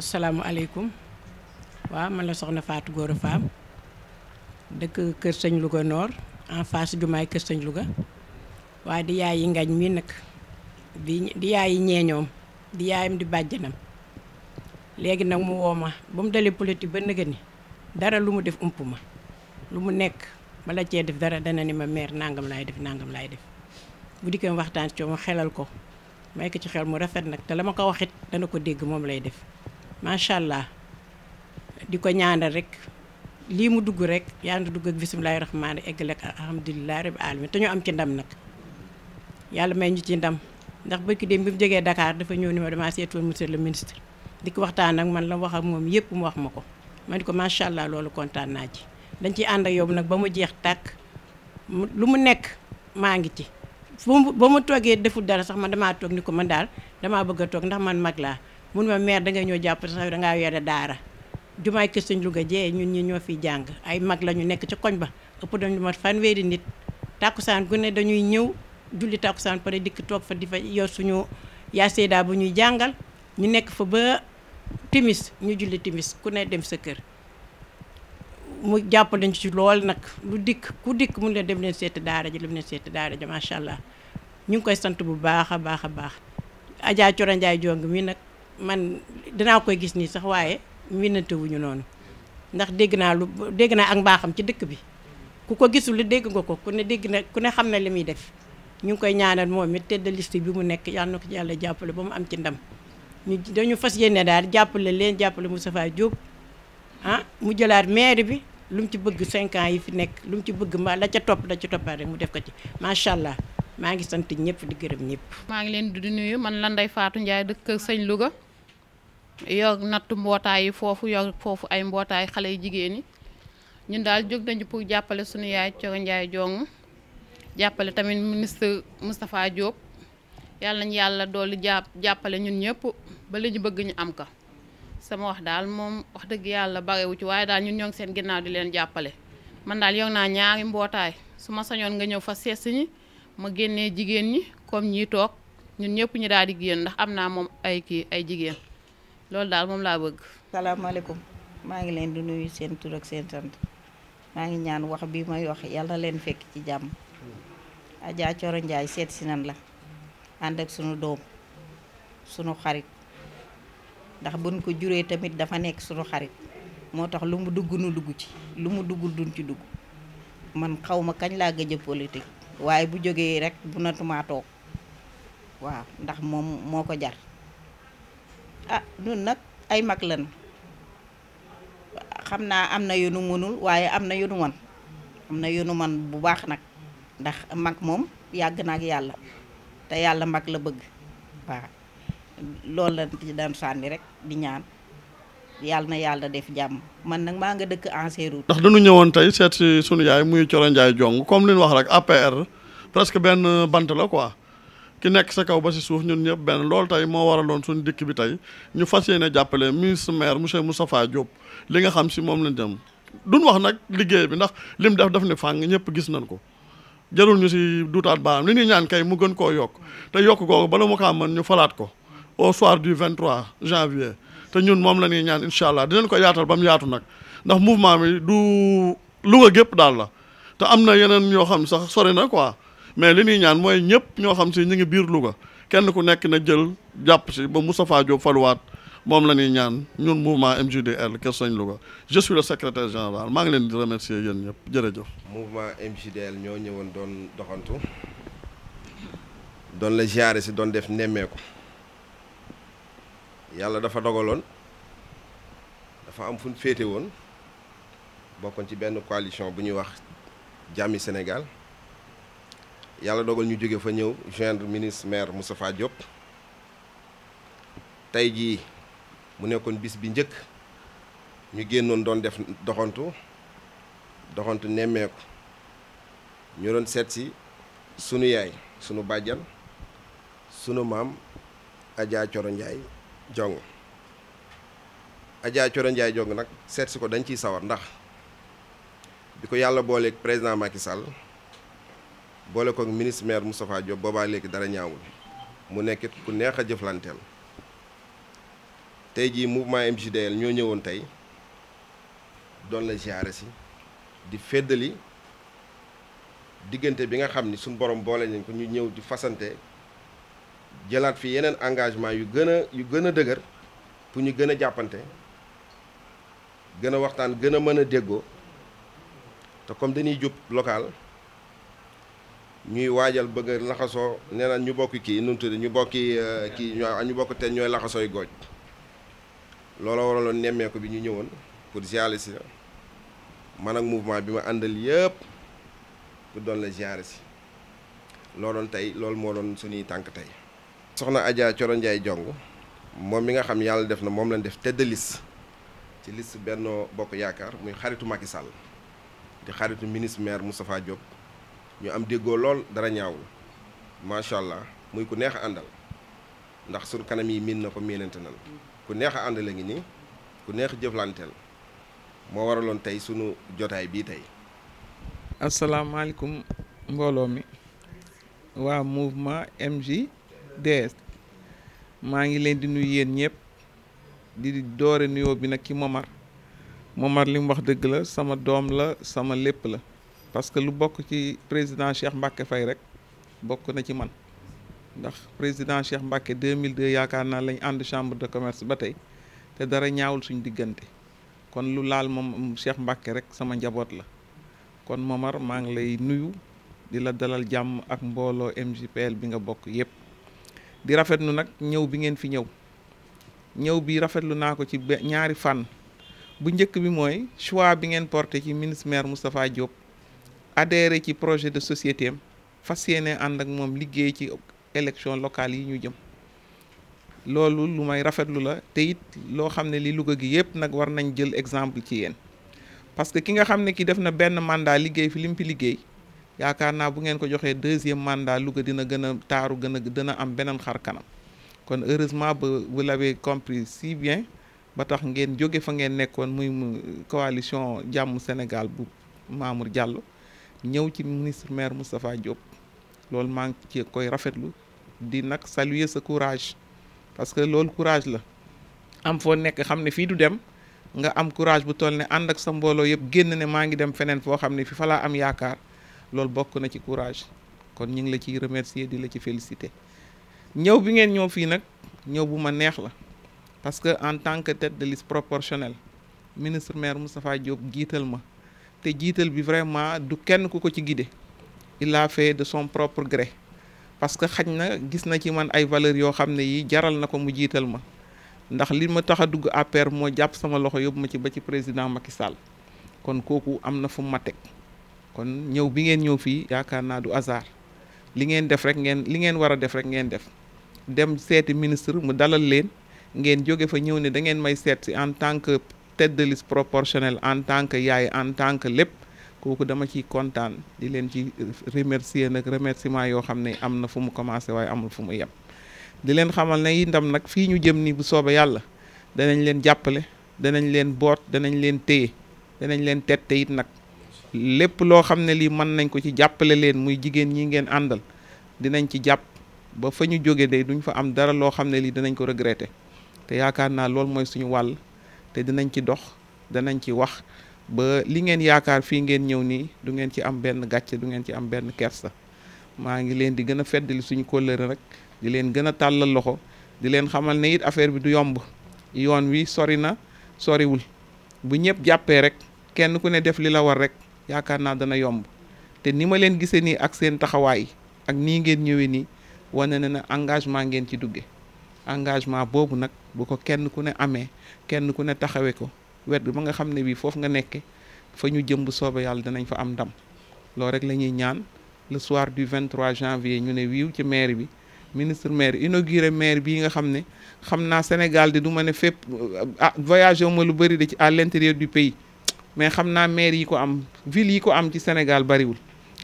asalaamualeykum waaw man la soxna Fatou Gora Fam dëkk Kër Sëñ Louga noor en face jumaay Kër Sëñ Louga waaye di yaay yi ngañ mi nag di di yaay yi ñeeñoom di yaayam di bàjjanam léegi nag mu woo ma ba mu dalee politique ba nëgë dara lu mu def ump ma lu mu nekk bala cee def dara dana ni ma meer nangam laay def nangam laay def bu dikkee waxtaan ci ma xelal ko may ko ci xel mu rafet nag te la ma ko waxit dana ko dégg moom lay def macha allah di ko ñaanal rek lii mu dugg rek yàlla na dugg ak bisimilahi rahmaani eggale ak alhamdulilah rabi alamin te ñu am ci ndam nag yàlla may ñu ci ndam ndax bëkki dem bi mu jógee dakaar dafa ñëw ni ma damaa seetoon monsieur le ministre di ko waxtaan ak man la wax ak moom yëpp mu wax ma ko ma ni ko macha allah loolu kontaan naa ci dañ ciy ànd ak yow nag ba mu jeex tàkk lu mu nekk maa ngi ci fu mu ba mu toogee deful dara sax ma damaa toog ni ko man daal damaa bëgg a toog ndax man mag laa mun ma maire dangay ñëw jàpp sax dangaa yore daara jumaay kër sëñ Louga jee ñun ñi ñoo fi jàng ay mag la ñu nekk ci koñ ba ëpp dañu mat weeri nit tàkkusaan gu ne dañuy ñëw julli tàkkusaan pare dikk toog fa di fa yor suñu yaa seeda bu ñuy jàngal ñu nekk fa ba timis ñu julli timis ku ne dem sa kër mu jàpp lañ ci lool nag lu dikk ku dikk mun ne dem leen seeti daara ji dem leen seeti daara ji macha allah ñu ngi koy sant bu baax a baax a baax Adja Coro Ndiaye Jong nag man dinaa koy gis nii sax waaye minante wuñu noonu ndax dégg naa lu dégg naa ak mbaaxam ci dëkk bi ku ko gisul li dégg nga ko ku ne dégg na ku ne xam na li muy def ñu ngi koy ñaanal moom it tedd liste bi mu nekk yal na ko yàlla jàppale ba mu am ci ndam ñu dañu fas yéene daal jàppale leen jàppale Moustapha Diop ah mu jëlaat maire bi lu mu ci bëgg 5 ans yi fi nekk lu mu ci bëgg mbaa la ca topp la ca toppaat rek mu def ko ci macha allah. maa ngi sant ñëpp di gërëm ñëpp. maa ngi leen di nuyu man lan Ndeye faatu Ndiaye dëkk Sëñ Louga. yor nattu mbotay fofu foofu yor foofu ay mbotay xalé yu jigéen ñi ñun daal jog nañu pour jappalé suñu yaay Coro Ndiaye jong jappalé tamit ministre mustapha Diop yalla ñu yalla doli japp jappalé ñun ñëpp ba liñu bëgg ñu am ka sama wax daal mom wax yalla yàlla wu ci way daal ñun ñong seen ginnaw di leen jappalé man daal yor na ñaari mbotay suma sañon nga ñëw fa sess ñi ma génné jigéen comme ñi tok ñun ñëpp ñu daal di gën ndax amna mom ay ki ay jigéen Lol, dal mom la bëgg. salaamaaleykum ma ngi leen du nuyu seen tour ak seen ma ngi ñaan wax bi ma wax yalla leen fekk ci jàmm. ja cioro Ndiaye set si nan la and ak suñu doom suñu xarit ndax buñ ko juré tamit dafa nek suñu xarit motax lu mu dugg nu dugg ci lu mu duggul duñ ci dugg man xawma kañ la gëjë a politique waye bu joggé rek bu natuma tok waaw ndax mom moko jar. A, ah, nun nag ay mag lan xamna amna yu nu mënul waye amna yu nu man amna yu nu man bu baax nak ndax mag mom yag nak yalla te yalla mag la bëgg lool la ci daan sanni rek di ñaan yalla na yalla def jam man nak ma nga dëkk en séeru ndax dañu ñëwon tay seet si yaay muy Coro Jong comme liñ wax rek APR presque ben bant la quoi ki nekk sa kaw ba si suuf ñun ñëpp benn loolu tey moo waraloon suñu dikk bi tey ñu fas yéene jàppale ministre maire monsieur Moustapha Diop li nga xam si moom lañ dem duñ wax nag liggéey bi ndax lim def daf ne fàng ñëpp gis nañ ko jarul si duutaat baaraam li ñuy ñaan kay mu gën koo yokk te yokk googu bala mu kaa mën ñu falaat ko au soir du 23 janvier te ñun moom la ñuy ñaan incha allah di dinañ ko yaatal ba mu yaatu nag ndax mouvement bi du Louga gépp daal la te am na yeneen yoo xam sax sori na quoi mais li ñuy ñaan mooy ñëpp ñoo xam si ñu ngi biir Louga kenn ku nekk na jël jàpp si ba Moustapha Diop faluwaat moom la ñuy ñaan ñun mouvement MJDR Kër Sañ Louga je suis le secrétaire général maa ngi leen di remercier yéen ñëpp jërëjëf. mouvement MJDR ñoo ñëwoon doon doxantu doon la ziare si doon def nemmeeku yàlla dafa dogaloon dafa am fu féete woon bokkoon ci benn coalition bu ñuy wax jàmmi Sénégal. yàlla dogal ñu jóge fa ñëw joindre ministre maire Moustapha Diop tey jii mu nekkoon bis bi njëkk ñu génnoon doon def doxantu doxantu nemmeeku ñu doon seet si sunu yaay sunu bàjjan sunu maam Adja Coro Ndiaye Jong Adja Coro Ndiaye Jong nag seet si ko dañ ciy sawar ndax bi ko yàlla booleeg président Macky Sall. boole koog ministre maire Moustapha Diop léegi dara ñaawul mu nekkit ku neex a jëflanteel tey jii mouvement MJDL ñoo ñëwoon tey doon la ziare si di feddali diggante bi nga xam ni suñ borom boole nañ ko ñu ñëw di fasante jëlaat fi yeneen engagement yu gën a yu gën a dëgër pour ñu gën a jàppante gën a waxtaan gën a mën a déggoo te comme dañuy jub local ñuy waajal bëgg laxasoo nee na ñu bokk kii nu mu tudd ñu bokki euh, kii ñoo ñu bokk teen ñooy laxasooy gooj loola waraloon nemmeeku bi ñu ñëwoon pour ziare si man ak bi ma àndal yëpp pour doon si loo doon tey loolu moo doon suñuy tànk tey. soxna Adja Coro Jong moom mi nga xam yàlla def na moom lañ def tête de ci list Benno Bokk Yaakaar muy xaritu Macky Sall di xaritu ministre maire Moustapha Diop. ñu am golol lool dara ñaawul macha allah muy ku neex andal ndax sunu kanam yi min na ko miinante nan ku neex andal ngi ni ku neex jëflanteel moo waraloon tey sunu jotaay bii tey. asalaamaaleykum mbooloo mi waa mouvement ds maa ngi leen di nuyu yéen ñëpp di doore nuyoo bi nag ki Momar Momar li mu wax dëgg la sama doom la sama lépp la. parce que lu bokk ci président Cheikh Mbacke fay rek bokk na ci man ndax président Cheikh Mbacke 2002 yaakaar naa lañ ànd chambre de commerce ba tey te dara ñaawul suñ diggante kon lu laal moom Cheikh Mbacke rek sama njaboot la kon Momar maa ngi lay nuyu di la dalal jàmm ak mbooloo MJPL bi nga bokk yépp di rafet lu nag ñëw bi ngeen fi ñëw ñëw bi rafetlu naa ko ci ñaari fànn bu njëkk bi mooy choix bi ngeen porté ci ministre maire Moustapha adhéré ci projet de société fas yéene ànd ak moom liggéey ci élection locale yi ñu jëm loolu lu may rafetlu la te it loo xam ne li Louga gi yëpp nag war nañ jël exemple ci yéen parce que ki nga xam ne ki def na benn mandat liggéey fi lim fi liggéey yaakaar naa bu ngeen ko joxee deuxième mandat Louga dina gën a taaru gën a dina am beneen xar kanam kon heureusement ba vous comprise si bien ba tax ngeen jóge fa ngeen nekkoon muy mu coalition jàmm Sénégal bu Mamour Diallo ñëw ci ministre maire Moustapha Diop loolu maa ngi ci koy rafetlu di nag saluer sa courage parce que loolu courage la am foo nekk xam ne fii du dem nga am courage bu toll ne ànd ak sa mbooloo yëpp génn ne maa ngi dem feneen foo xam ne fi fa laa am yaakaar loolu bokk na ci courage kon ñu ngi la ciy remercier di la ci féliciter ñëw bi ngeen ñëw fii nag ñëw bu ma neex la parce que en tant que tête de liste proportionnelle ministre maire Moustapha Diop jiital ma te jiital bi vraiment du kenn ku ko ci guidé il a fait de son propre gré parce que xaj na gis na ci man ay valeurs yoo xam ne yi jaral na ko mu jiital ma ndax li ma tax a dugg APR moo jàpp sama loxo yóbbu ma ci ba ci président Macky Sall kon kooku am na fu ma teg kon ñëw bi ngeen ñëw fii yaakaar naa du hasard li ngeen def rek ngeen li ngeen war a def rek ngeen def dem seeti ministre mu dalal leen ngeen jóge fa ñëw ne da ngeen may seet si en tant que tête de liste en tant que yaay en tant que lépp kooku dama ciy kontaan di leen ci remercier nag remerciement yoo xam ne am na fu mu commencé waaye amul fu mu yem di leen xamal ne ndam nag fii ñu jëm nii bu soobee yàlla danañ leen jàppale danañ leen boot danañ leen téye danañ leen tette teyit nag lépp loo xam ne lii mën nañ ko ci jàppale leen muy jigéen ñi ngeen àndal dinañ ci jàpp ba fa ñu jóge de duñ fa am dara loo xam ne lii danañ ko regretter te yaakaar naa loolu mooy suñu wàll te dinañ ci dox danañ ci wax ba li ngeen yaakaar fi ngeen ñëw ni du ngeen ci am benn gàcce du ngeen ci am benn kersa maa ngi leen di gën a feddali suñu kóllëre rek di leen gën a tàllal loxo di leen xamal ne it affaire bi du yomb yoon wi sori na soriwul bu ñëpp jàppee rek kenn ku ne def li la war rek yaakaar naa dana yomb te ni ma leen gisee nii ak seen taxawaay ak nii ngeen ñëwee nii wane na engagement ngeen ci dugge engagement boobu nag bu ko kenn ku ne amee kenn ku ne taxawee ko wet bi ba nga xam ne bii foofu nga nekke fa ñu jëmb bu soobee yàlla danañ fa am ndam loolu rek la ñuy ñaan le soir du vingt 23 janvier ñu ne wiiw ci maire bi ministre maire inauguré maire bii nga xam ne xam naa Sénégal di du ma ne fépp euh, ah voyagé ma lu bëri de ci à l'intérieur du pays mais xam naa maire yi ko am ville yi ko am ci Sénégal bariwul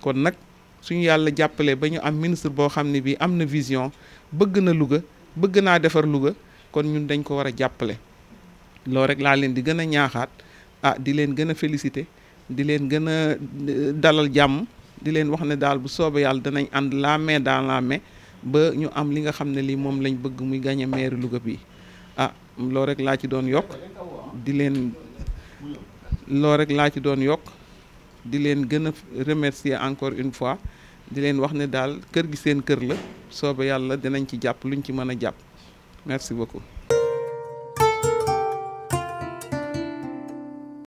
kon nag suñu yàlla jàppale ba ñu am ministre boo xam ne bii am na vision bëgg na Louga bëgg naa defar Louga kon ñun dañ ko wara jappalé jàppale rek laa leen di gëna ñaaxaat ah di leen gëna a félicité di leen gëna eh, dalal jam, di leen wax ne daal bu soobee yàlla danañ ànd la main dans la main ba ñu am li nga xam ne lii lañ bëgg muy gagné maire Louga bi ah loolu rek laa ci doon yokk di leen loolu rek laa ci doon yokk di leen gën a remercier encore une fois di leen wax ne daal kër gi seen kër la soobee yàlla dinañ ci jàpp luñ ci mën a Merci beaucoup.